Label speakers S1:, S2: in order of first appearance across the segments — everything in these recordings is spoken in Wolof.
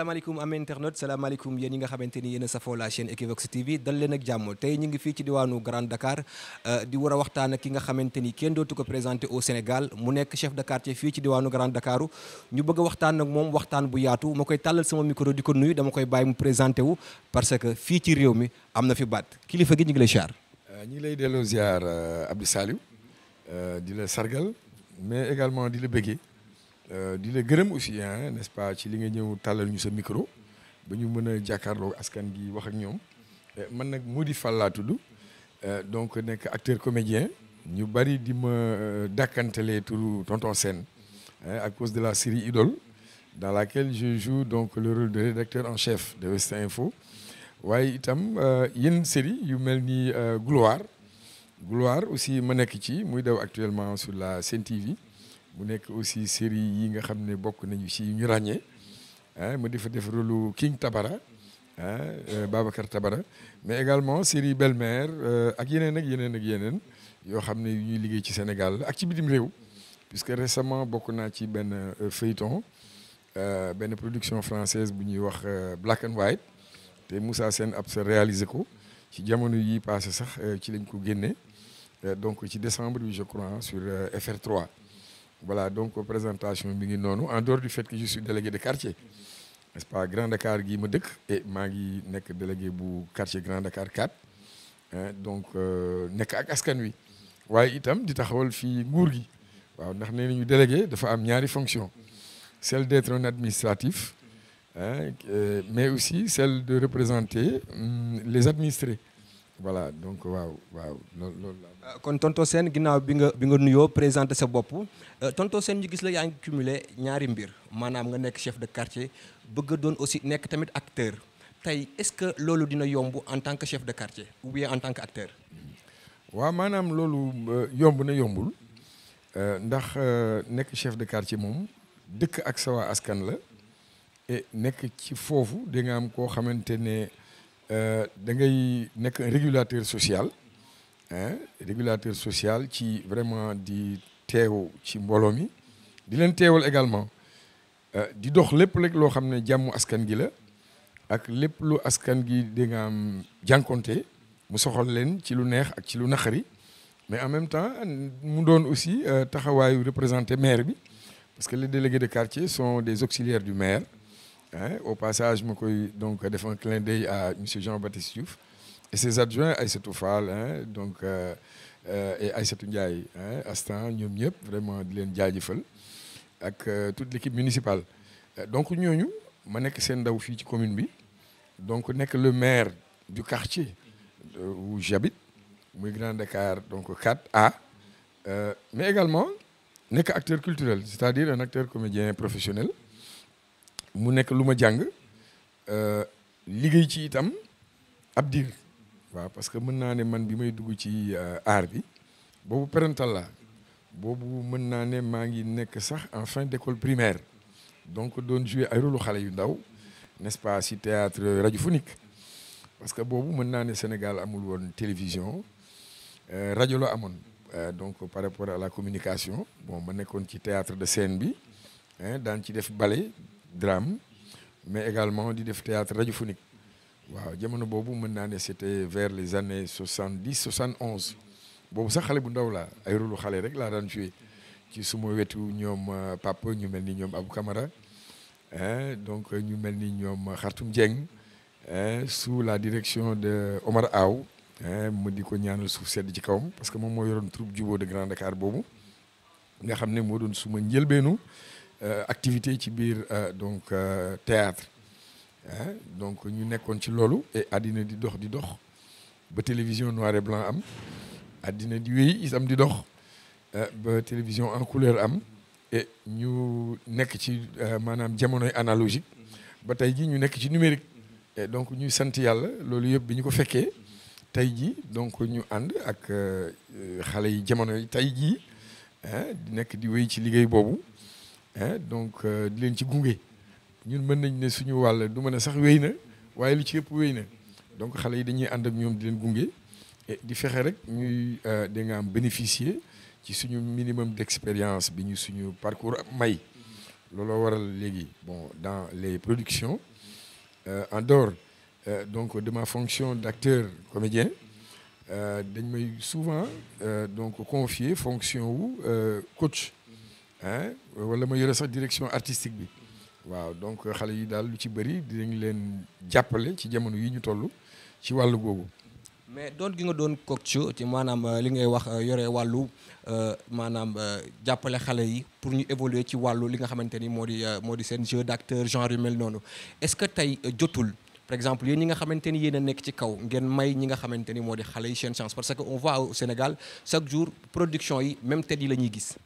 S1: salaamaaleykum am internet salaamaaleykum yéen ñi nga xamante ni yéen a safoo la chaîne Equivox TV dal leen ak jàmm ngi fii ci diwaanu Grand Dakar euh, di a waxtaan ak ki nga xamante ni kenn dootu ko présenté au Sénégal mu nekk chef de fii ci diwaanu Grand Dakaru ñu bëgg waxtaan ak moom waxtaan bu yaatu ma koy tàllal sama micro di koy bàyyi mu présenté parce que fii ci réew mi am na fi baat kilifa gi ñu ngi lay ziar.
S2: Euh, ñu ngi lay delloo ziar euh, Abdou Saliou di la sargal mais également di la bëggee. Euh, di la gërëm aussi hein pas ci li nga ñëw tàllal ñu sa micro ba ñu mën a jàkkaarloo askan gi wax ak ñoom euh, man nag moo di Fall laa tudd euh, donc nekk acteur comédien ñu bari di ma dàkkantalee turu tonton Sène à cause de la série Idole dans laquelle je joue donc le rôle de rédacteur en chef de West Info waaye itam yenn série yu mel ni Gloire Gloire aussi ma nekk ci muy daw actuellement sur la Sen TV mu nekk aussi série yi nga xam ne bokk nañu ci ñu ràññee ah ma di fa def rôle King Tabara ah Babacar Tabara mais également série Belle-Mère euh, ak yeneen ak yeneen ak yeneen yoo xam ne yu ñuy liggéey ci Sénégal ak ci bitim réew puisque récemment bokk naa ci benn euh, feuilleton benn production française bu ñuy wax Black and White te Moussa seen ab sa réalisé ko ci jamono yi passé sax ci lañ ko génne donc ci décembre bi je crois sur FR3 voilà donc présentation bi ngi noonu en dehors du fait que je suis délégué de quartier n'est-ce Grand Dakar gii ma dëkk et maa ngi nekk délégué bu quartier Grand Dakar 4 donc euh, nekk ak askan wi waaye itam di taxawal fii nguur gi waaw ndax nee nañu délégué dafa am ñaari fonction celle d'être un administratif euh, mais aussi celle de représenter
S1: hmm, les administrés voilà donc waaw waaw loolu la. kon tonto Sène ginnaaw bi nga bi nga nuyoo présenté sa bopp euh, tonto Sène ñu gis la yaa ngi cumulé ñaari mbir maanaam nga nekk chef de quartier bëgg doon aussi nekk tamit acteur tey est-ce que loolu dina yomb en tant que chef de quartier ou bien en tant que acteur.
S2: waaw maanaam loolu euh, yomb na yombul euh, ndax nekk chef de quartier moom dëkk ak sa askan la nekk ci foofu di am koo xamante ne. Euh, da ngay nekk un régulateur social hein régulateur social ci vraiment di teew ci mbooloo mi di leen teewal également euh, di dox lépp rek loo xam ne jàmm askan gi la ak lépp lu askan gi di nga am mu soxal leen ci lu neex ak ci lu naqari mais en même temps mu doon aussi euh, taxawaayu représenté maire bi parce que les délégués de quartier sont des auxiliaires du maire au passage ma koy donc euh, def un clin d'œil à monsieur Jean-Baptiste Diouf et ses adjoints Aïssatou Fall donc euh, euh, et Aïssatou Ndiaye Astan ñoom ñëpp vraiment di leen jaajëfal ak toute l'équipe municipale donc ñooñu ma nekk seen ndaw fii ci commune bi donc nekk le maire du quartier où j'habite muy Grand Dakar donc 4A mais également nekk acteur culturel c'est-à-dire un acteur comédien professionnel mu nekk lu ma jàng euh, liggéey ci itam ab diir waaw parce que mën naa ne man bi may dugg ci euh, art bi boobu perantal la boobu mën naa ne maa ngi nekk sax en fin d'école primaire donc doon jouer ay rôle xale yu ndaw n'est-ce pas si théâtre radiophonique parce que boobu mën naa ne Sénégal amul woon télévision euh, rajo la amoon donc par rapport à la communication bon ma nekkoon ci théâtre de scène bi daan ci def bale drame mais également di def théâtre radiophonique waaw jamono boobu mën naa ne c'était vers les années soixante dix soixante onze boobu sax xale bu ndaw laa ay rôle xale rek laa daan joué ci suma wetu ñoom euh, papa ñu mel ni ñoom Abou Camara donc ñu mel ni ñoom Khartoum Dieng sous la direction de Omar Aw mu di ko ñaanal suuf sedd ci kawam parce que moom moo yoroon troupe Jubo de Grand Dakar boobu nga xam ne moo doon suma njëlbeenu Euh, activité ci biir euh, donc euh, théâtre donc ñu nekkoon ci loolu et àddina di dox di dox ba télévision noir et blanc am addina di wéy itam di dox ba télévision en couleur am ñu nekk ci maanaam jamonoy analogique ba tey ji ñu nekk ci numérique donc ñuy sant yàlla loolu yëpp bi ñu ko fekkee tey jii donc ñu ànd ak xale yi jamono yi tey jii di nekk di wéy ci liggéey boobu donc euh, di leen ci gunge ñun mën nañ ne suñu wàll du mën a sax wéy na waaye lu ci yëpp wéy na donc xale yi dañuy ànd ak ñoom di leen gunge di fexe rek ñuy euh, da nga am bénéficier ci suñu minimum d'expérience bi ñu suñu parcours may looloo waral léegi bon dans les productions euh, en dehors euh, donc de ma fonction d'acteur comédien euh, dañ may souvent donc confier fonction wu coach ah wala ma yore sax direction artistique bi
S1: waaw donc xale yi daal lu ci bëri dinañ leen jàppale ci jamono yi ñu toll ci wàllu googu. mais doon gi nga doon coach ci maanaam euh, li ngay wax euh, yore wàllu euh, maanaam jàppale xale yi pour ñu évoluer ci wàllu li nga xamante ni moo di moo di seen jeu d'acteur genre yu mel noonu est-ce que tey jotul par exemple yéen ñi nga xamante ni yéen a nekk ci kaw ngeen may ñi nga xamante ni moo di xale yi seen chance parce que on voit au Sénégal chaque jour production yi même tête yi la ñuy gis.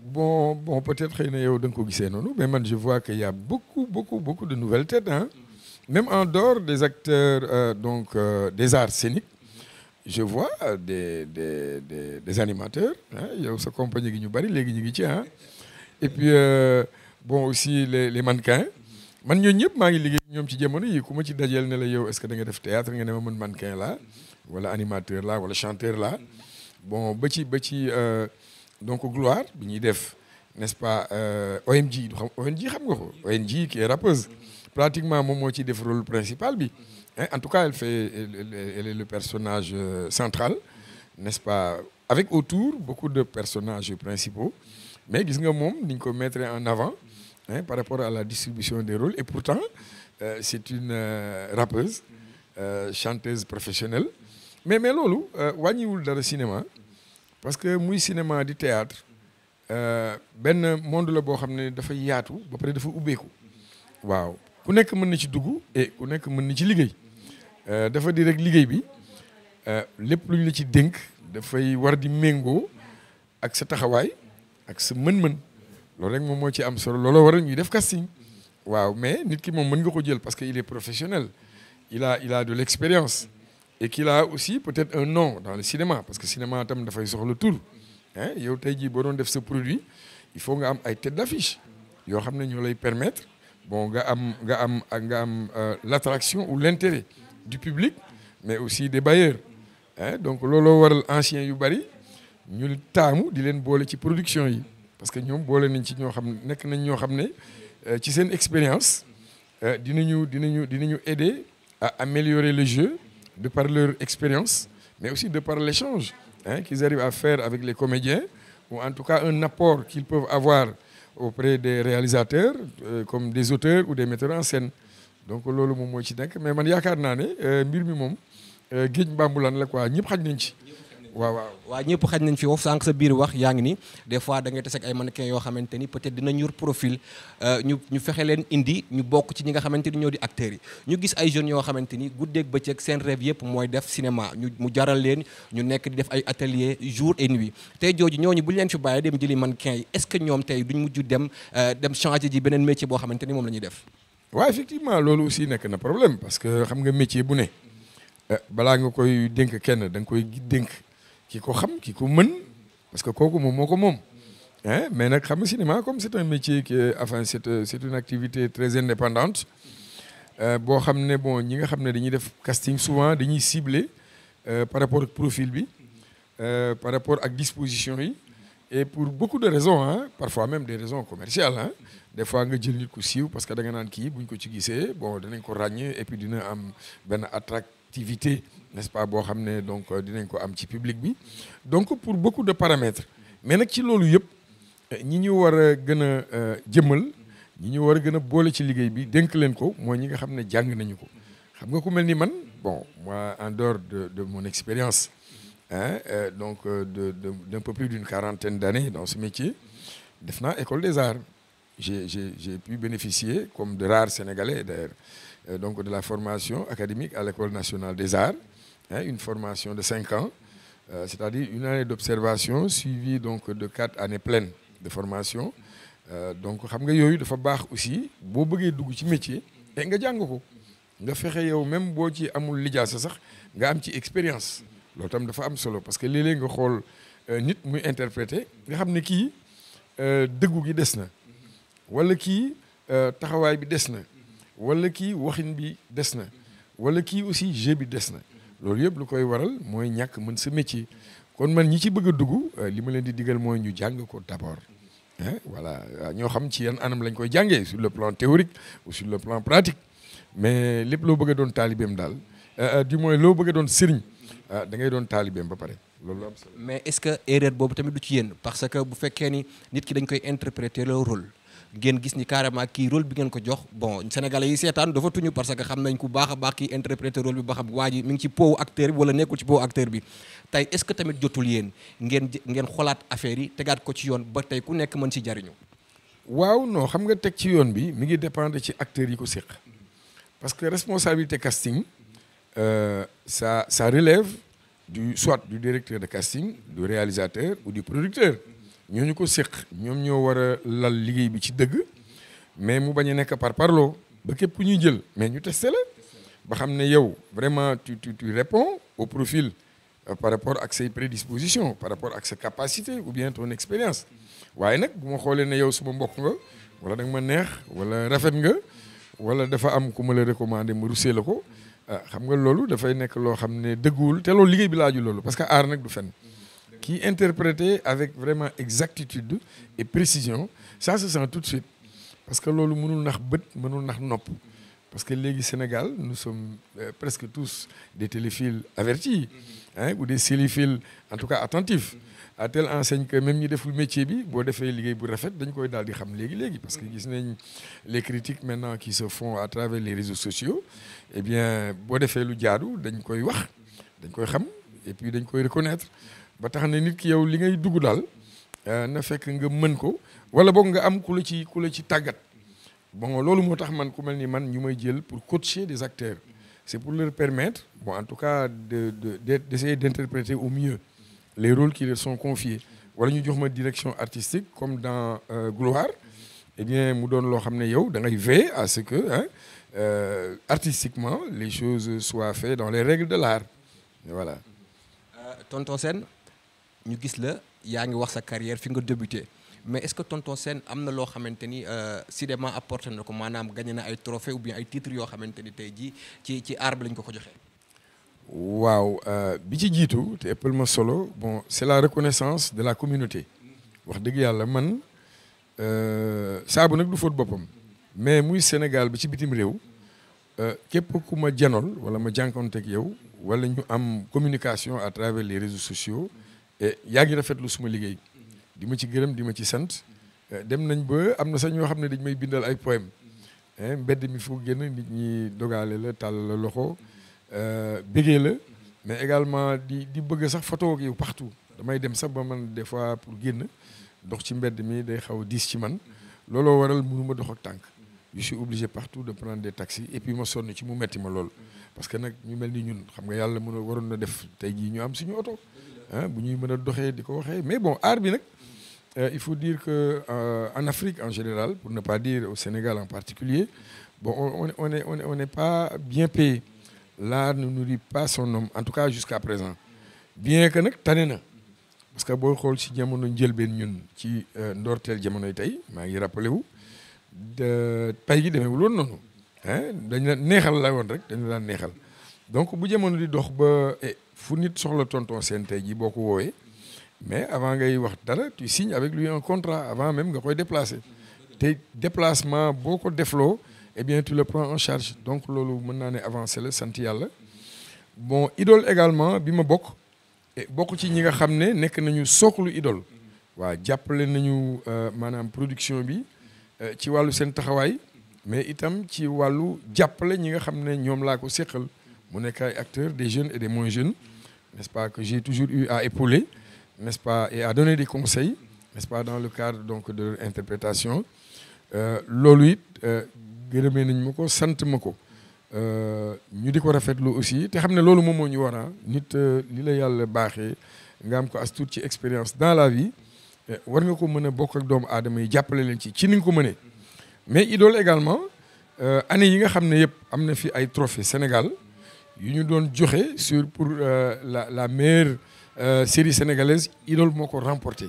S2: bon bon peut-être xëy na yow da ko gisee noonu mais man je vois que y a beaucoup beaucoup beaucoup de nouvelles têtes hein mm-hmm. même en dehors des acteurs euh, donc euh, des arts scéniques mm-hmm. je vois des des des, des animateurs yow sa compagnie gi ñu bari léegi ñu ngi ci ah et puis euh, bon aussi les les mannequins mm-hmm. man ñooñu ñëpp maa ngi liggéey ñoom ci jamono yi ku ma ci dajeel ne la yow est-ce que da nga def théâtre nga ne ma mën mannequin la wala animateur la wala chanteur la bon ba ci ba ci. Euh, donc gloire bi ñuy def n'est-ce pas euh, ONG du xam ONG xam nga ko ONG qui est rappeuse pratiquement moom moo ciy def rôle principal bi en tout cas elle fait elle est le personnage euh, central n'est-ce pas avec autour beaucoup de personnages principaux mais gis nga moom niñ ko mettre en avant hein, par rapport à la distribution des rôles et pourtant euh, c'est une euh, rappeuse euh, chanteuse professionnelle mais mais loolu euh, wàññiwul dara cinéma parce que muy cinéma di théâtre euh, benn monde la boo xam ne dafa yaatu ba pare dafa ubbeeku waaw ku nekk mën na ci dugg et ku nekk mën na ci liggéey euh, dafa di rek liggéey bi euh, lépp lu ñu la ci dénk dafay war di méngoo ak sa taxawaay ak sa mën-mën loolu rek moom moo ci am solo looloo waral ñuy def casting waaw mais nit ki moom mën nga ko jël parce que il est professionnel il a il a de l'expérience et qu'il aussi peut-être un nom dans le cinéma parce que cinéma tam dafay soxla tur ah yow tey jii boo doon def sa produit il faut nga am ay tête d'affiche yoo xam ne ñoo lay permetre bon nga am nga am nga am euh, l'attraction ou l'intérêt du public mais aussi des bailleurs ah donc looloo waral anciens yu bari ñu taamu di leen boole ci production yi parce que ñoom boole nañ ci ñoo xam ne nekk nañ ñoo xam ne euh, ci seen expérience euh, dinañu dinañu dinañu aider à améliorer le jeu de par leur expérience, mais aussi de par l'échange hein, qu'ils arrivent à faire avec les comédiens, ou en tout cas un apport qu'ils peuvent avoir auprès des réalisateurs, euh, comme des auteurs ou des metteurs en scène. donc loolu moom moo ci nekk mais man yaakaar naa ne
S1: euh, mbir mi moom euh, géej mbambulaan la quoi ñëpp xaj nañ ci. waaw waa waaw ñëpp xaj nañ fi woof sànq sa biir wax yaa ngi ni des fois da ngay tase ay mannequin yoo xamante ni peut-être dinañ yor profil euh, ñu ñu fexe leen indi ñu bokk ci ñi nga xamante ni ñoo di acteurs yi ñu gis ay jeunes yoo xamante ni guddeeg bëccëg seen rêve yëpp mooy def cinéma ñu mu jaral leen ñu nekk di def ay atelier jour et nuit tey jooju ñooñu bu leen fi bàyyi dem jëli mannequin yi est-ce que ñoom tey duñ mujj dem euh, dem changer ji beneen métier boo xamante ni moom la ñuy def waaw effectivement loolu aussi nekk na problème parce que xam nga métier bu
S2: ne euh, balaa nga koy dénk kenn da nga koy dénk ki ko xam ki ko mën parce que kooku moom moo ko moom hein mais nag xam nga cinéma comme c'est un métier qui enfin c'est c'est une activité très indépendante euh, boo xam ne bon ñi nga xam ne dañuy def casting souvent dañuy cibler euh, par rapport ak profil bi euh, par rapport ak disposition yi et pour beaucoup de raisons hein parfois même de raisons commerciales hein des fois nga jël nit ku siiw parce que da nga naan kii buñ ko ci gisee boo danañ ko ràññee et puis dina am benn attractivité n'est-ce pas boo xam ne donc euh, dinañ ko am ci public bi donc pour beaucoup de paramètres mais nag ci loolu yëpp ñi ñu war a gën a euh, jëmmal ñi ñu war a gën a boole ci liggéey bi dénk leen ko mooy ñi nga xam ne jàng nañu ko xam nga ku mel ni man bon moi en dehors de de mon expérience hein euh, donc de de d'un peu plus d'une quarantaine d'années dans ce métier def naa école des arts j'ai j'ai j'ai pu bénéficier comme de rares Sénégalais d'ailleurs donc de la formation académique à l'école nationale des arts hein, une formation de cinq ans, euh, c'est-à-dire une année d'observation suivie donc de quatre années pleines de formation. Euh, donc xam nga yooyu dafa baax aussi boo bëggee dugg ci métier eh, nga jàng ko nga fexe yow même boo ci amul lijaasa sax nga am ci expérience loolu tam dafa am solo parce que léeg-léeg nga xool euh, nit muy interpréter nga xam ne kii euh, dëggu gi des na wala kii euh, taxawaay bi des na wala kii waxin bi des na wala kii aussi jeu bi des na loolu yëpp lu koy waral mooy ñàkk man sa métier kon man ñi ci bëgg a dugg euh, li ma leen di digal mooy ñu jàng ko d'abord voilà euh, ñoo xam ci yan anam lañ koy jàngee sur le plan théorique ou sur le plan pratique mais lépp loo bëgg a doon taalibeem daal
S1: euh, du moins loo bëgg a doon sëriñ da ngay doon taalibeem ba pare loolu am mais est-ce que erreur boobu tamit du ci yenn parce que bu fekkee ni nit ki dañ koy interpréter le rôle ngeen gis ni carrément kii rôle bi ngeen ko jox bon sénégalais yi seetaan dafa tuñu parce que xam nañ ku baax a baax kii interpréter rôle bi ba xam waa ji mi ngi ci powu acteur bi wala nekkul ci powu acteur bi tey est-ce que tamit jotul yeen ngeen ngeen xolaat affaire yi tegaat ko ci yoon ba tey ku nekk mën ci jariñu waaw noo xam nga teg
S2: ci yoon bi mi ngi dépendre ci acteurs yi ko séq parce que responsabilité casting euh, sa ça relève du soit du directeur de casting réalisateur ou du ñooñu ko séq ñoom ñoo war a lal liggéey bi ci dëgg mais mu bañ a nekk par parloo ba képp ñuy jël mais ñu testé la ba xam ne yow vraiment tu tu tu réponds au profil euh, par rapport ak say prédisposition par rapport ak sa capacité ou bien ton expérience waaye nag bu ma xoolee ne yow suma mbokk nga wala da ma neex wala rafet nga wala dafa am ku ma la recommandé ma rusee la ko ah, xam nga loolu dafay nekk loo xam ne dëgguwul te loolu liggéey bi laaju loolu parce que aar nag du fen qui interprétait avec vraiment exactitude et précision ça se sent tout de suite parce que loolu mënul nax bët mënul nax nopp parce que léegi Sénégal nous sommes euh, presque tous des téléphiles avertis hein, ou des cinéphiles en tout cas attentifs a telle enseigne que ñu ñi deful métier bi boo defee liggéey bu rafet dañ koy daal di xam léegi léegi parce que gis nañ les critiques maintenant qui se font à travers les réseaux sociaux eh bien boo defee lu jaadu dañ koy wax dañ koy xam et dañ koy reconnaître ba tax na nit ki yow li ngay dugg daal euh, na fekk nga mën ko wala boog nga am ku la ci ku la ci tàggat bon loolu moo tax man ku mel ni man ñu may jël pour coacher des acteurs c'est pour leur permettre bon en tout cas de de d'essayer d'interpréter au mieux les rôles qui leur sont confiés wala ñu jox ma direction artistique comme dans euh, Gloire eh bien mu doon loo xam ne yow da ngay veiller à ce que hein, euh, artistiquement les choses soient faites dans les règles de l'art voilà. Euh, tonton ñu gis
S1: la yaa ngi wax sa carrière fi nga débuté mais est-ce que tonton seen am na loo xamante ni euh, sidément apporté na ko maanaam gañe na ay trophée ou bien ay titres yoo xamante ni tey jii ci ci aar lañ ko ko joxe
S2: waaw euh, bi ci jiitu te ëppal ma solo bon c'est la reconnaissance de la communauté wax dëgg yàlla man euh, saabu nag du fóot boppam mais muy Sénégal bi ci bitim réew képp ku ma janool wala ma jànkonteeg yow wala ñu am communication à travers les réseaux sociaux. Eh, yaa ngi rafetlu suma liggéey di ma ci gërëm di ma ci sant eh, dem nañ ba am na sax ñoo xam ne dañ may bindal ay poème eh, mbedd mi foo génn nit ñi dogaale la tàll la loxo bégee la mais également di di bëgg sax photo ak yow partout damay dem sax ba man des fois pour génn dox ci mbedd mi day xaw a diis ci man looloo waral mënuma dox ak tànk je suis obligé partout de prendre des taxis et puis ma sonn ci mu metti ma lool parce que nag ñu mel ni ñun xam nga yàlla mën a waroon na def tey jii ñu am suñu oto ah bu ñuy mën a doxee di ko waxee mais bon art bi nag euh, il faut dire que euh, en Afrique en général pour ne pas dire au Sénégal en particulier bon on on est on est on n'est pas bien payé l'art ne nourrit pas son homme en tout cas jusqu'à présent bien que nag tane na parce que boo xool si jamono njëlbeen ñun ci euh, ndoorteel jamonoy tey maa ngi rappelé wu pay gi demeewul woon noonu dañ la neexal la woon rek dañu daan neexal donc bu jamono di dox ba fu nit soxla tonton seen tey ji boo ko woowee mais avant ngay wax dara tu signes avec lui un contrat avant même nga koy déplacer te déplacement boo ko defloo eh bien tu le prends en charge donc loolu mën naa ne avancé la sant yàlla bon idole également bi ma bokk eh, bokk ci ñi nga xam ne nekk nañu sooklu idole waa jàppale nañu euh, maanaam production bi euh, ci wàllu seen taxawaay mais itam ci wàllu jàppale ñi nga xam ne ñoom laa ko séqal mu nekk ay acteur des jeunes et des moins jeunes n'est-ce pas que j'ai toujours eu à épauler n'est-ce pas et à donner des conseils nest pas dans le cadre donc de leur interprétation euh, loolu it euh, gërëmee nañ ma ko sant ma ko euh, ñu di ko rafetlu aussi te xam ne loolu moom moo ñu war nit li la yàlla baaxee nga am ko as tuut ci expérience dans la vie eh, war nga ko mën a bokk ak doomu aadama yi jàppale leen ci ci ni ko mëne mais idole également année yi nga xam ne yëpp am na fi ay trophée Sénégal yu ñu doon joxe sur pour euh, la la meilleure euh, série sénégalaise Idole moo ko remporté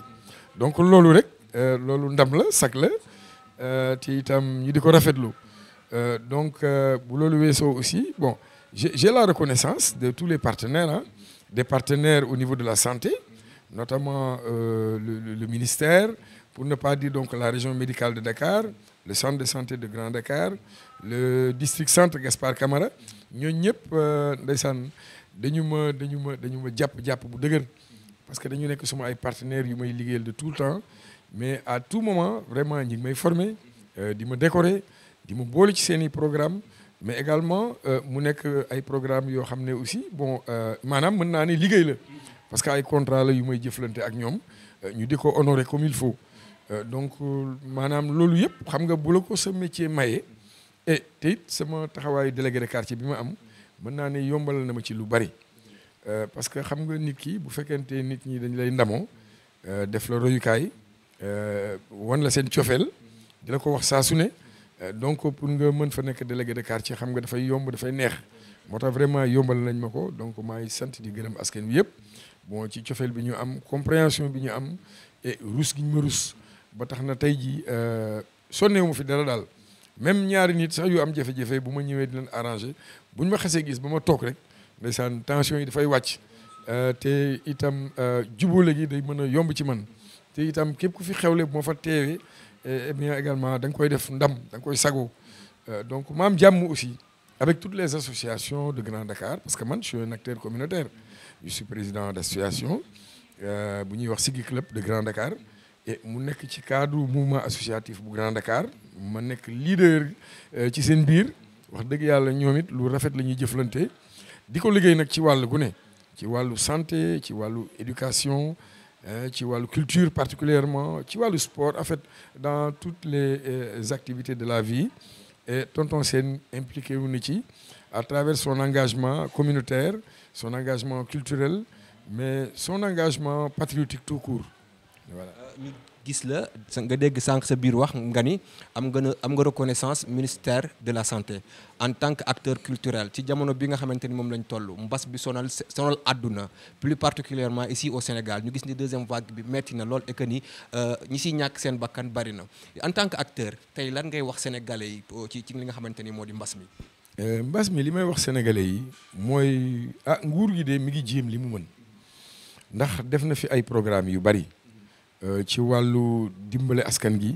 S2: donc loolu rek euh, loolu ndam la sag la te itam ñi di ko rafetlu donc bu loolu weesoo aussi bon j'ai la reconnaissance de tous les partenaires hein, des partenaires au niveau de la santé notamment euh, le, le, le ministère pour ne pas dire donc la région médicale de Dakar le centre de santé de Grand Dakar le district centre Gaspard Camara ñooñu ñëpp euh, ndeysaan dañu ma dañu ma dañu ma jàpp jàpp bu dëgër parce que dañu nekk suma ay partenaires yu may liggéeyal de tout le temps mais à tout moment vraiment ñi may former euh, di ma décorer di ma boole ci seen i programme mais également euh, mu nekk ay programme yoo xam ne aussi bon maanaam mën naa ne liggéey la parce que ay contrat la yu may jëflante ak ñoom ñu di ko honorer comme il faut Euh, donc euh, maanaam loolu yëpp xam nga bu la ko sa métier maye et eh, sama taxawaayu délégué de quartier bi ma am mën naa ne yombalal na ma ci lu bari euh, parce que xam nga nit ki bu fekkente nit ñi dañ lay ndamoo def la royukaay wan la seen cofeel di la ko wax saa su ne donc pour nga mën fa nekk délégué de quartier xam nga dafay yomb dafay neex moo tax vraiment yombal nañ ma ko donc maay sant di gërëm askan wi yëpp bon ci cofeel bi ñu am compréhension bi ñu am rus gi ba tax na tey jii euh, sonnewu ma fi dara daal même ñaari nit sax yu am jafe-jafe bu ma ñëwee di leen arrangé bu ñu ma xasee gis ba ma toog rek ndeysaan tension yi dafay wàcc euh, te itam euh, jubóole gi day mën a yomb ci man te itam képp ku fi xewle bu ma fa teewee eh, eh bien également koy def ndam danga koy sago donc maam jàmm aussi avec toutes les associations de Grand Dakar parce que man je suis un acteur communautaire je suis président d'association bu ñuy wax Sigui Club de Grand Dakar mu nekk ci cadre mouvement associatif bu Grand Dakar ma nekk leader euh, ci seen biir wax dëgg yàlla ñoom it lu rafet la ñuy jëflante di ko liggéey nag ci wàllu gu ci wàllu santé ci wàllu éducation euh, ci wàllu culture particulièrement ci wàllu sport en fait dans toutes les euh, activités de la vie et tonton seen impliqué wu na ci à travers son engagement
S1: communautaire son engagement culturel mais son engagement patriotique tout court Euh, ñu gis la nga dégg sànq sa biir wax nga ni am nga am nga reconnaissance ministère de la santé en tant acteur culturel ci jamono bi nga xamante ni moom lañ toll mbas bi sonal sonal àdduna plus particulièrement ici au Sénégal ñu gis ni deuxième vague bi metti na lool et que ni euh, ñi si ñàkk seen bakkan bari na en tant que acteur tey lan ngay wax sénégalais yi euh, ci ci li nga xamante ni moo di mbas mi.
S2: mbas mi li may wax sénégalais yi mooy ah nguur gi de mi ngi jéem li mu mën ndax def na fi ay programme yu bari. Euh, ci wàllu dimbale askan gi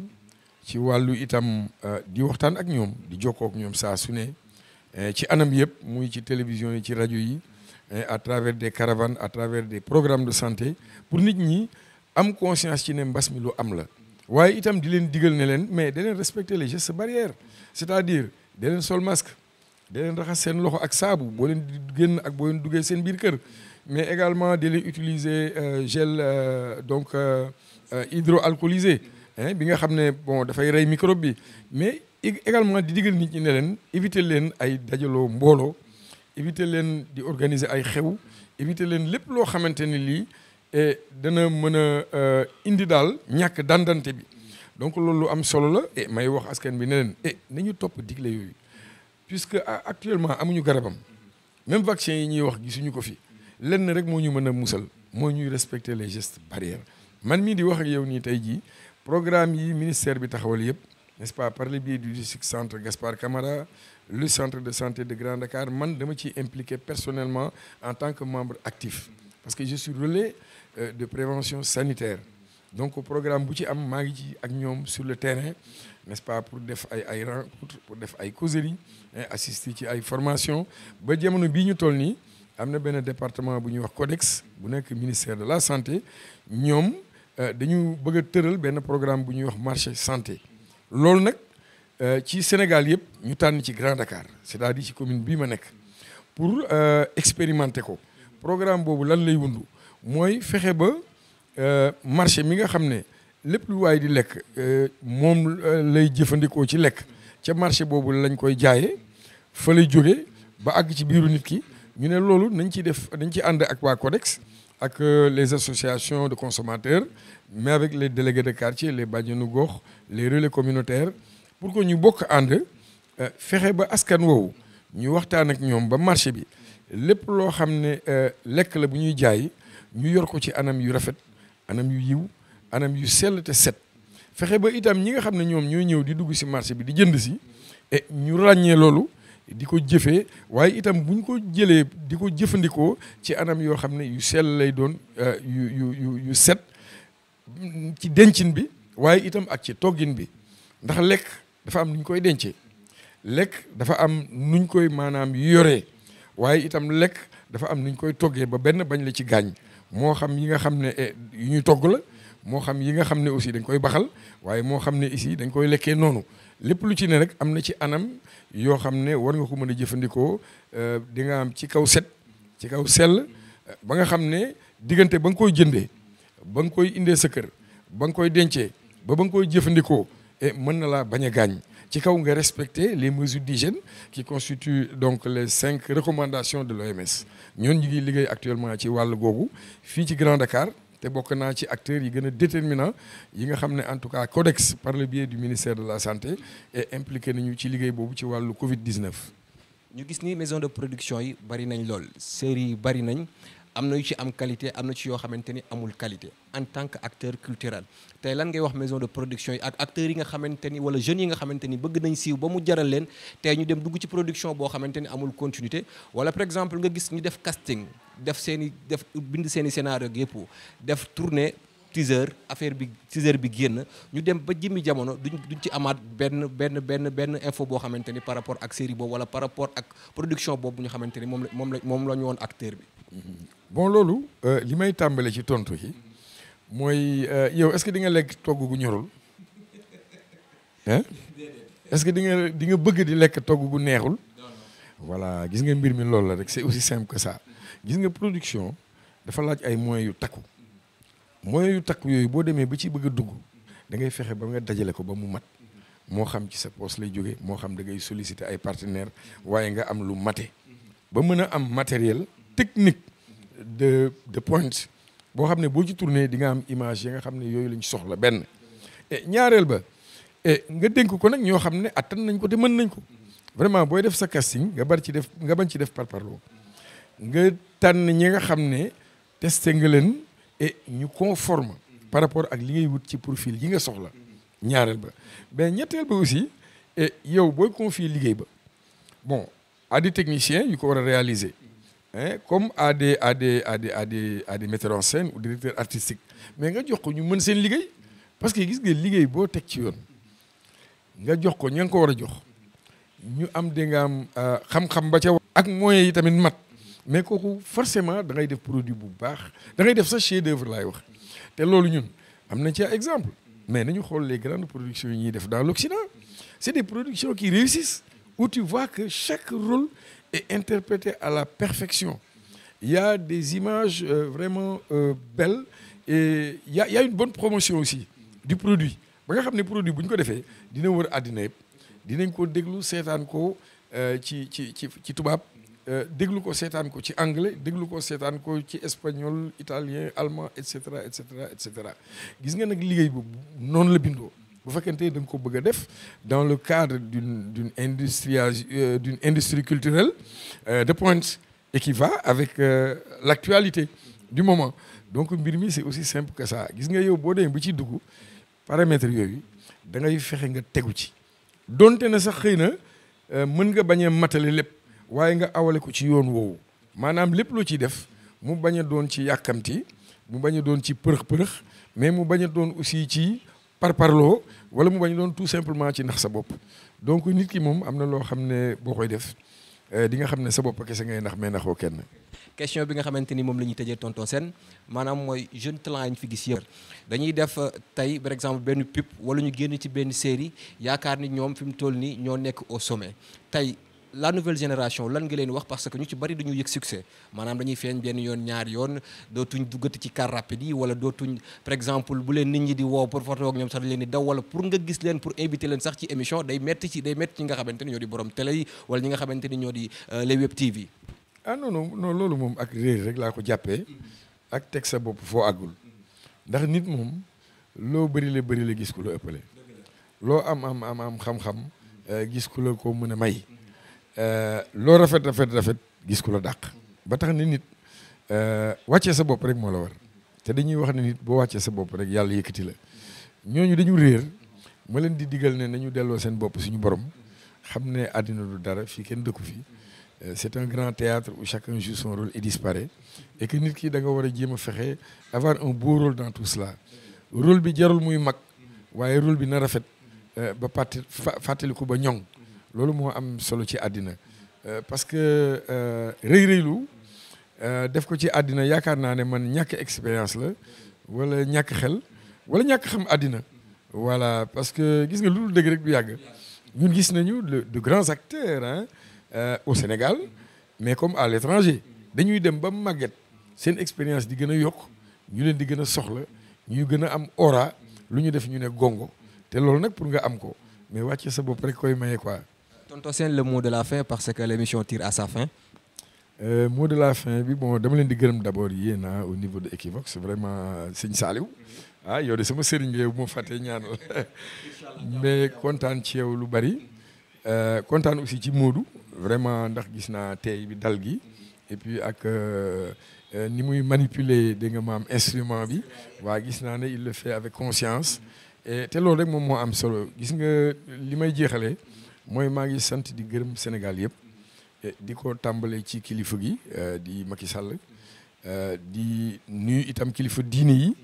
S2: ci wàllu itam euh, di waxtaan ak ñoom di jokkoo ñoom saa su ne euh, ci anam yëpp muy ci télévision yi ci rajo yi à travers des caravanes à travers des programmes de santé pour nit ñi am conscience ci ne mbas mi lu am la waaye itam di leen digal ne leen mais da leen respecter les gestes barrières c'est-à-dire da leen sol masque da raxas seen loxo ak saabu boo leen di génn ak boo leen duggee seen biir kër mais également di leen utiliser gel donc Euh, hydroalcoolisé bi nga xam ne bon dafay rey microbe bi mais également di digal nit ñi ne leen éviter leen ay dajaloo mbooloo éviter leen di organiser ay xew éviter leen lépp loo xamante ne lii eh, dana mën a euh, indi daal ñàkk dandante bi donc loolu lu am solo la may wax askan bi ne leen e nañu topp digle yooyu puisque ah, actuellement amuñu garabam même vaccin yi ñuy wax gisuñu ko fi lenn rek moo ñu mën a musal moo ñuy respecter les gestes barrières man mii di wax ak yow nii tey jii programme yi ministère bi taxawal yëpp n'est-ce pas par le biais du district centre Gaspard Camara le centre de santé de Grand Dakar man dama ciy impliqué personnellement en tant que membre actif parce que je suis relais euh, de prévention sanitaire donc programme bu ci am maa ngi ci ak ñoom sur le terrain n'est-ce pas pour def ay ay rencontre pour def ay causeries assister ci ay formation ba jamono bii ñu toll nii am na benn département bu ñuy wax CODEX bu nekk ministère de la santé ñoom Euh, dañu bëgg tëral benn programme bu ñuy wax marché santé loolu nag euh, ci Sénégal yëpp ñu tànn ci Grand Dakar cest à di ci commune bii ma nekk pour euh, expérimenter ko programme boobu lan lay wundu mooy fexe ba marché mi nga xam ne lépp lu waay di lekk moom lay jëfandikoo ci lekk ca marché boobu lañ koy jaayee fa lay jóge ba àgg ci biiru nit ki ñu ne loolu nañ ci def nañ ci ànd ak waa CODEX ak euh, les associations de consommateurs mais avec les délégués de quartier les bàjjenu gox les relais communautaires pour que ñu bokk ànd euh, fexe ba askan woowu ñu waxtaan ak ñoom ba marché bi lépp loo xam ne euh, lekk la bu ñuy jaay ñu yor ko ci anam yu rafet anam yu yiw anam yu sell te set fexe ba itam ñi nga xam ne ñoom ñooy ñëw di dugg si marché bi di jënd si et ñu ràññee loolu di ko jëfee waaye itam bu ñu ko jëlee di ko jëfandikoo ci anam yoo xam ne yu sell lay doon euh, yu yu yu set ci dencin bi waaye itam ak ci toggin bi ndax lekk dafa am nu ñu koy dencee lekk dafa am nuñ koy maanaam yoree waaye itam lekk dafa am nuñ koy toggee ba benn bañ la ci gaañ moo xam yi nga xam ne eh, yu ñu togg la moo xam yi nga xam ne aussi dañ koy baxal waaye moo xam ne ici dañ koy lekkee noonu lépp lu ci ne rek am na ci anam yoo xam ne war nga ko mën a jëfandikoo euh, di nga am ci kaw set ci kaw sell ba nga xam ne diggante ba nga koy jëndee ba nga koy indee sa kër ba nga koy dencee ba ba nga koy jëfandikoo et eh, mën na laa bañ a gaañ ci kaw nga respecter les mesures d'hygiène qui constituent donc les cinq recommandations de l'OMS ñoo ñu ngi liggéey actuellement ci wàll googu fii ci Grand Dakar te bokk naa ci acteurs yi gën a déterminant yi nga xam ne en tout cas codex par le biais du ministère de la santé et impliqué nañu ci liggéey boobu ci wàllu Covid 19.
S1: ñu gis ni maison de production yi bari nañ lool série yi bari nañ am na yu ci am qualité am na ci yoo xamante ni amul qualité en tant que acteur culturel tey lan ngay wax maison de production yi ak acteurs yi nga xamante ni wala jeune yi nga xamante ni bëgg nañ siiw ba mu jaral leen tey ñu dem dugg ci production boo xamante ni amul continuité wala par exemple nga gis ñu def casting. def seen i def bind seen i scénario def tournée teaser affaire bi teaser bi génn ñu dem ba jëmmi jamono duñ duñ ci amaat benn benn benn benn info boo xamante ni par rapport ak série boobu wala par rapport ak production boobu ñu xamante ni moom la moom la la ñu woon acteur bi. bon loolu
S2: euh, li may tàmbali ci tontu yi mooy euh, yow est-ce que di nga lekk togg gu ñorul hein est-ce que di nga di nga bëgg di lekk togg gu neexul. walaa gis nga mbir mi loolu la rek c'est aussi simple que gis nga production dafa laaj ay moyens yu takku moyens yu takk yooyu boo demee ba ci bëgg a dugg dangay fexe ba nga dajale ko ba mu mat moo xam ci sa poste lay jóge moo xam da ngay solliciter ay partenaires waaye nga am lu mate ba mën a am matériel technique de de pointe boo xam ne boo ci tourné di nga am image yi nga xam ne yooyu lañ soxla benn e ñaareel ba e nga dénk ko nag ñoo xam ne attan nañ ko te mën nañ ko vraiment booy def sa casting nga bari ci def nga ci def parparloo nga tànn ñi nga xam ne testé nga leen ñu conforme par rapport ak li ngay wut ci profil yi nga soxla ñaareel ba mais ñetteel ba aussi et yow booy confier liggéey ba bon à des techniciens yu ko war a réaliser hein comme à des à des à des à des à des metteurs en scène ou directeurs mais nga jox ko ñu mën seen liggéey parce que gis nga liggéey boo teg ci yoon nga jox ko ña ko war a jox ñu am di nga am euh, xam-xam ba ca ak moyens yi tamit mat mais kooku forcément dangay def produit bu baax da ngay def sa chef d'œuvre laay wax te loolu ñun am nañ ci exemple mais nañu xool les grandes productions yi ñuy def dans l'Occident c'est des productions qui réussissent où tu vois que chaque rôle est interprété à la perfection il des images euh, vraiment euh, belles et ya y a, il une bonne promotion aussi du produit ba nga xam ne produit bu ñu ko defee dina wër àddina yëpp dinañ ko déglu seetaan ko euh, ci ci ci ci tubaab Euh, déglu ko seetaan ko ci anglais déglu ko seetaan ko ci espagnol italien allemand et cetera et cetera cetera gis nga nag liggéey boobu noonu la bindoo bu fekkente da nga ko bëgg a def dans le cadre du d'une industrie euh, d'une industrie culturelle euh, de pointe et qui va avec l'actualité du moment donc mbir mi c'est aussi simple que ça gis nga yow boo dee ba ci dugg paramètres yooyu da ngay fexe nga tegu ci donte na sax xëy na mën nga bañ a matale lépp waaye nga awale ko ci yoon woowu maanaam lépp loo ciy def mu bañ a doon ci yàkkamti mu bañ a doon ci përëx-përëx mais mu bañ a doon aussi ci par parparloo wala mu bañ doon tout simplement ci ndax sa bopp donc nit ki moom am na loo xam ne boo koy def eh, di nga xam ne sa bopp kese ngay ndax mais ndaxoo kenn
S1: question bi nga xamante ni moom la ñuy tëjee tonton seen maanaam mooy jeune talent ñu fi gis dañuy def euh, tey par exemple benn pub wala ñu génn ci benn série yaakaar ni ñoom fi mu toll nii ñoo nekk au sommet tey la nouvelle génération lan nga leen wax parce que ñu ci bari dañu yëg succès maanaam dañuy feeñ benn yoon ñaar yoon dootuñ duggati ci car rapide yi wala dootuñ par exemple bu leen nit ñi di woow pour photo ak ñoom sax dañ leen di daw wala pour nga gis leen pour inviter leen sax ci émission day metti ci day metti ci nga xamante ni ñoo di borom télé yi wala ñi nga xamante ni ñoo di euh, les web TV. ah non non loolu moom ak réer rek laa ko jàppee ak teg sa bopp foo àggul ndax nit moom
S2: loo bëri la bëri gis ku la ëppale loo am am am am xam euh, gis ku la mën a may. Euh, loo rafet rafet rafet gis ku la dàq ba tax ni nit euh, wàccee sa bopp rek moo la war te dañuy wax ne nit boo wàccee sa bopp rek yàlla yëkkati la ñooñu dañu réer ma leen di digal ne nañu delloo seen bopp suñu borom xam ne àddina du dara fii kenn dëkku fii euh, c'est un grand théâtre où chacun joue son rôle et disparaît et nit kii danga war a jéem a fexe avoir un beau rôle dans tout cela rôle bi jarul muy mag waaye rôle bi na rafet ba pàtte fàttaliku ba ñoŋ loolu moo am solo ci àddina euh, parce que euh, rëy-rëylu euh, def ko ci àddina yaakaar naa ne man ñàkk expérience la wala ñàkk xel wala ñàkk xam àddina voilà parce que gis nga lu dul dëgg rek du yàgg ñun gis nañu de grands acteurs hein au Sénégal mais comme à l'étranger dañuy dem ba màgget seen expérience di gën a yokk ñu leen di gën a soxla ñuy gën a am aura lu ñu def ñu ne gongo te loolu nag pour nga am ko mais wàcce sa bopp rek koy maye
S1: quoi tonton Sène le de la fin parce que l'émission tire à sa fin.
S2: Euh, de la fin bi bon dama leen di gërëm d' abord yéen ah, au niveau de Equivox vraiment sëñ Saliou mm-hmm. ah yow sama sëriñ bi bu ma fàttee ñaanal mais kontaan ci yow lu bari euh, kontaan aussi ci moodu vraiment ndax gis naa tey bi dal gi mm-hmm. et puis ak euh, euh, ni muy manipuler dégg nga maam instrument bi waa gis naa ne il le fait avec conscience et te loolu rek moom moo am solo gis nga li may jeexale mooy maa ngi sant di gërëm Sénégal yëpp eh, di ko tàmbalee ci kilifa gi eh, di Macky Sall eh, di nuyu itam kilifa diine yi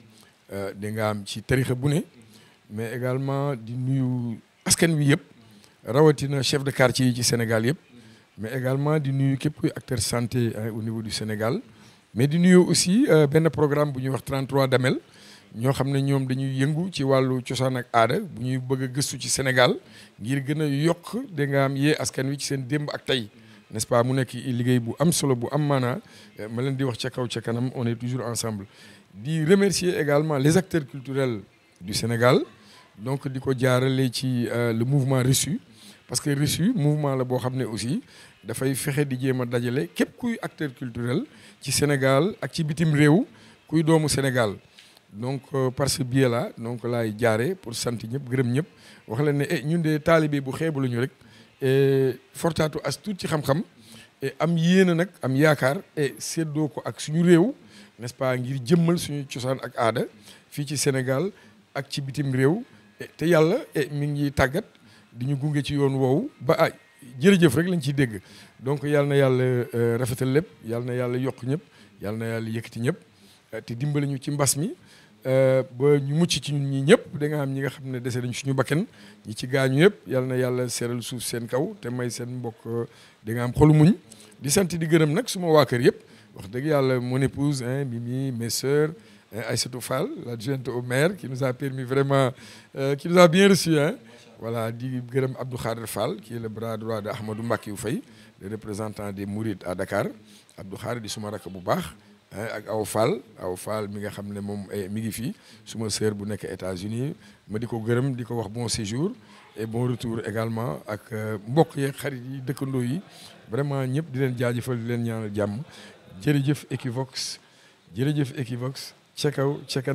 S2: di nga am ci tarixa bu ne mais également di nuyu askan wi yëpp rawatina chef de quartier yi ci Sénégal yëpp mais également di nuyu képp kuy acteur santé au niveau du Sénégal mais di nuyu aussi benn programme bu ñuy wax 33 Damel ñoo xam ne ñoom dañuy yëngu ci wàllu cosaan ak aada bu ñuy bëgg a gëstu ci Sénégal ngir gën a yokk da am yee askan wi ci seen démb ak tey nest pas mu nekk liggéey bu am solo bu am maanaa ma leen di wax ca kaw ca kanam on est toujours ensemble di remercier également les acteurs culturels du Sénégal donc di ko jaarale ci euh, le mouvement reçu parce que reçu mouvement la boo xam ne aussi dafay fexe di jéem a dajale képp kuy acteur culturel ci Sénégal ak ci bitim réew kuy doomu Sénégal donc euh, parce ce biais donc laay jaaree pour sant ñëpp gërëm ñëpp wax leen ne eh ñun de taalibe bu xeebalu rek eh, fortaatu as tuut ci xam-xam eh, am yéene nag am yaakaar et eh, séddoo ko ak suñu réew nest pas ngir jëmmal suñu cosaan ak aada fii ci Sénégal ak ci bitim réew te yàlla mi ngi tàggat di ñu gunge ci yoon woowu ba ah jërëjëf rek lañ ciy dégg donc yàlla na yàlla euh, rafetal lépp yàlla na yàlla yokk ñëpp yàlla na yàlla yëkkati ñëpp te dimbali ñu ci mbas mi. Euh, ba ñu mucc ci ñun ñii ñëpp da nga xam ñi nga xam ne dese dañ suñu bakkan ñi ci gaañu yëpp yal na yàlla seeral suuf seen kaw te may seen mbokk euh, da nga am xolu muñ di sant di gërëm nag suma waa kër yëpp wax dëgg yàlla mon épouse hein Mimi mes sœurs Aïssatou Fall l'adjointe au maire qui nous a permis vraiment euh, qui nous a bien reçu hein di gërëm Abdou Khader Fall qui est le bras droit de Ahmadou Mbacké Faye le représentant des Mourides à Dakar Abdou Khader di suma rakk bu baax ak aw Fall aw Fall mi nga xam ne moom eh, mi ngi fii suma sœur bu nekk États-Unis ma di ko gërëm di ko wax bon séjour et bon retour également ak euh, mbokk yeeg xarit yi dëkkandoo yi vraiment ñëpp di leen jaajëfal di leen ñaanal jàmm jërëjëf Equivox jërëjëf Equivox ca kaw ca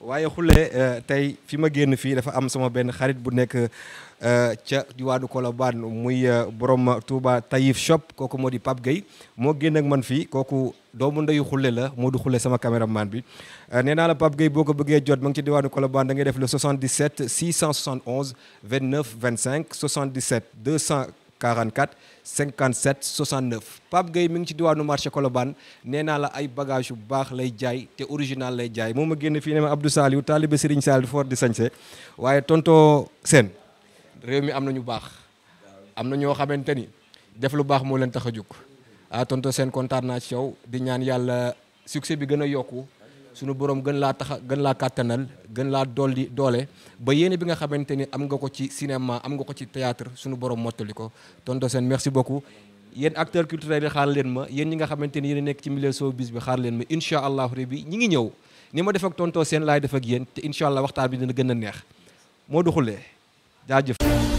S1: waaye xulee eh, tey fi ma génn fii dafa am sama benn xarit bu nekk eh, ca diwaanu Colobane muy eh, borom Touba Taïf Shop kooku moo di Pape Gueye moo génn ak man fii kooku doomu ndeyu xulle la moo du xulle sama caméraman bi nee naa la Pape Gueye boo ko bëggee jot ma ngi ci diwaanu Colobane da ngay def le 77 671 29 25 77 200 44 57 69 Pape Gueye mi ngi ci diwaanu marché Colobane nee naa la ay bagage yu baax lay jaay te original lay jaay moom a génn fii ne ma Abdou Saliou taalibe Serigne Saliou fort di sañse waaye tonto seen réew mi am na ñu baax am na ñoo xamante ni def lu baax moo leen tax a jóg ah tonto seen kontaan naa ci yow di ñaan yàlla succès bi gën a yokku suñu borom gën laa tax gën laa kàttanal gën laa dolli doole ba yéene bi nga xamante ni am nga ko ci cinéma am nga ko ci théâtre suñu borom mottali ko tonton Sène merci beaucoup yéen acteur culturel yi xaar leen ma yéen ñi nga xamante ni yéen nekk ci milieu showbiz bi xaar leen ma incha allahu rabbi ñi ngi ñëw ni ma def ak tonton Sène laay defak ak yéen te incha allah waxtaan bi dina gën a neex moo du xulee jaajëf